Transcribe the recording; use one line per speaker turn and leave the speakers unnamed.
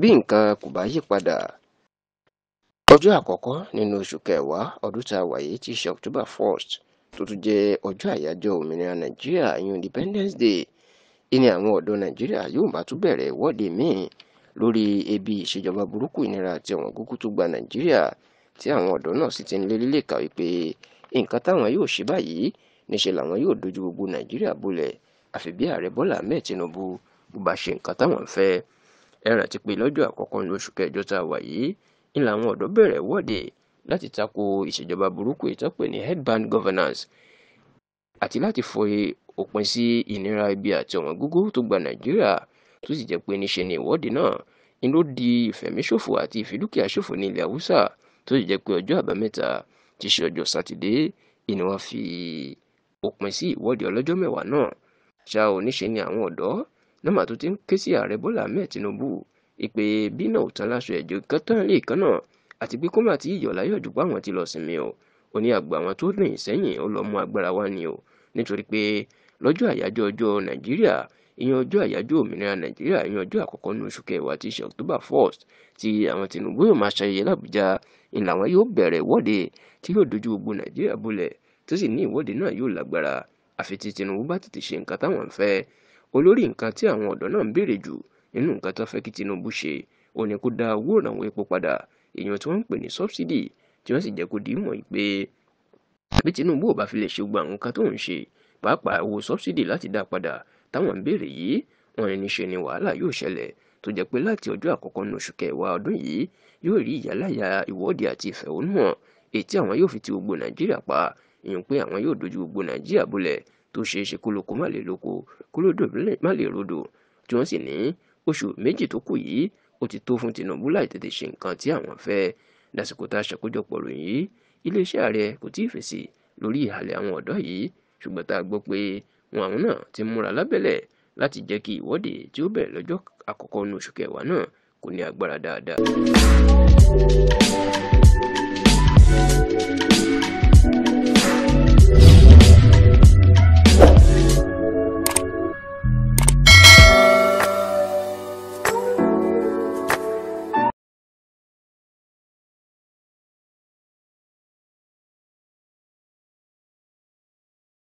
bí nǹkan kò bá yí padà ọjọ́ àkọ́kọ́ nínú oṣù kẹwàá ọdún tá a wà yìí ti ṣe October 1 tó tún jẹ́ ọjọ́ àyájọ́ òmìnira Nàìjíríà ìyún Independence Day ìní àwọn ọ̀dọ́ Nàìjíríà yóò bá tún bẹ̀rẹ̀ ìwọ́de míì lórí ebi ìṣèjọba burúkú ìnira àti ọ̀wọ́n gógó tó gba Nàìjíríà tí àwọn ọ̀dọ́ náà sì ti ń lé lílé kàwé pé nǹkan táwọn yóò ṣe báyìí níṣe làwọn yóò dojú gbogbo Nàìjíríà bolẹ̀ àfi bí ààrẹ Bọ́lá Ahmed bó bá ṣe nǹkan táwọn ń fẹ́ ẹ rántí pé lọ́jọ́ àkọ́kọ́ lóṣù kẹjọ tá a wà yìí ń làwọn ọ̀dọ́ bẹ̀rẹ̀ wọ́de láti tako ìṣèjọba burúkú ìtọ́pẹ́ ní headband governance àti láti fọ òpin sí ìnira ibi àti ọ̀wọ́n gógó tó gba nàìjíríà tó sì jẹ́ pé níṣe ni ìwọ́de náà ń ló di ìfẹ̀míṣòfò àti ìfidúkìá ṣòfò ní ilẹ̀ haúsá tó sì jẹ́ pé ọjọ́ àbámẹ́ta ti ṣe ọjọ́ sátidé ni fi òpin sí ìwọ́de ọlọ́jọ́ mẹ́wàá náà ṣá ò níṣe ni àwọn ọ̀dọ́ nọ́mà tó ti ń ké sí ààrẹ Bọ́lá Ahmed Tinubu ìpè bí náà ò tán láṣọ ẹ̀jọ̀ kan tán lè kan náà àti pé kó má ti láyọ̀ jù páwọn ti lọ sinmi o ó ní àgbà àwọn tó rìn sẹ́yìn ó lọ mú agbára wá ni o nítorí pé lọ́jọ́ àyájọ́ ọjọ́ Nàìjíríà ìyẹn ọjọ́ àyájọ́ òmìnira Nàìjíríà ìyẹn ọjọ́ àkọ́kọ́ ní oṣù kẹwàá ti ṣe October 1st tí àwọn Tinubu yóò máa ṣayẹyẹ l'Àbújá ìlà wọn yóò bẹ̀rẹ̀ ìwọ́de tí yóò dojú gbogbo Nàìjíríà bolẹ̀ tó sì ní ìwọ́de náà yóò lágbára àfi tí Tinubu bá tètè ṣe nǹkan táwọn ń fẹ́ olórí nǹkan tí àwọn ọ̀dọ́ náà ń béèrè jù nínú nǹkan tó fẹ́ kí Tinubu ṣe ó ní kó dá owó ìrànwọ́ epo padà èèyàn tí wọ́n ń pè ní subsidy tí wọ́n sì jẹ́ kó dìímọ̀ pé bí Tinubu ò bá fi lè ṣe gbogbo àwọn nǹkan tó ń ṣe pàápàá owó subsidy láti dá padà táwọn ń béèrè yìí wọn ní ṣe ni wàhálà yóò ṣẹlẹ̀ tó jẹ́ pé láti ọjọ́ àkọ́kọ́ nínú oṣù kẹwàá ọdún yìí yóò rí ìyáláyà ìwọ́de àti ìfẹ̀hónúhàn èyí tí àwọn yóò fi ti gbogbo Nàìjíríà pa ìyẹn pé àwọn yóò dojú gbogbo Nàìjíríà bolẹ̀ tó ṣe é ṣe kó lóko má lè lóko kó lódò má lè rodò tí wọ́n sì ní oṣù méjì tó kù yìí ó ti tó fún Tinubu láì tètè ṣe nǹkan tí àwọn fẹ́ lásìkò tá a ṣàkójọpọ̀ ròyìn yìí iléeṣẹ́ ààrẹ kò tí ì fèsì lórí ìhàlẹ̀ àwọn ọ̀dọ́ yìí ṣùgbọ́n tá a gbọ́ pé wọn àwọn náà ti múra lábẹ́lẹ̀ láti jẹ́ kí ìwọ́de tí ó bẹ̀rẹ̀ lọ́jọ́ àkọ́kọ́ nínú oṣù kẹwàá náà kò ní agbára dáadáa.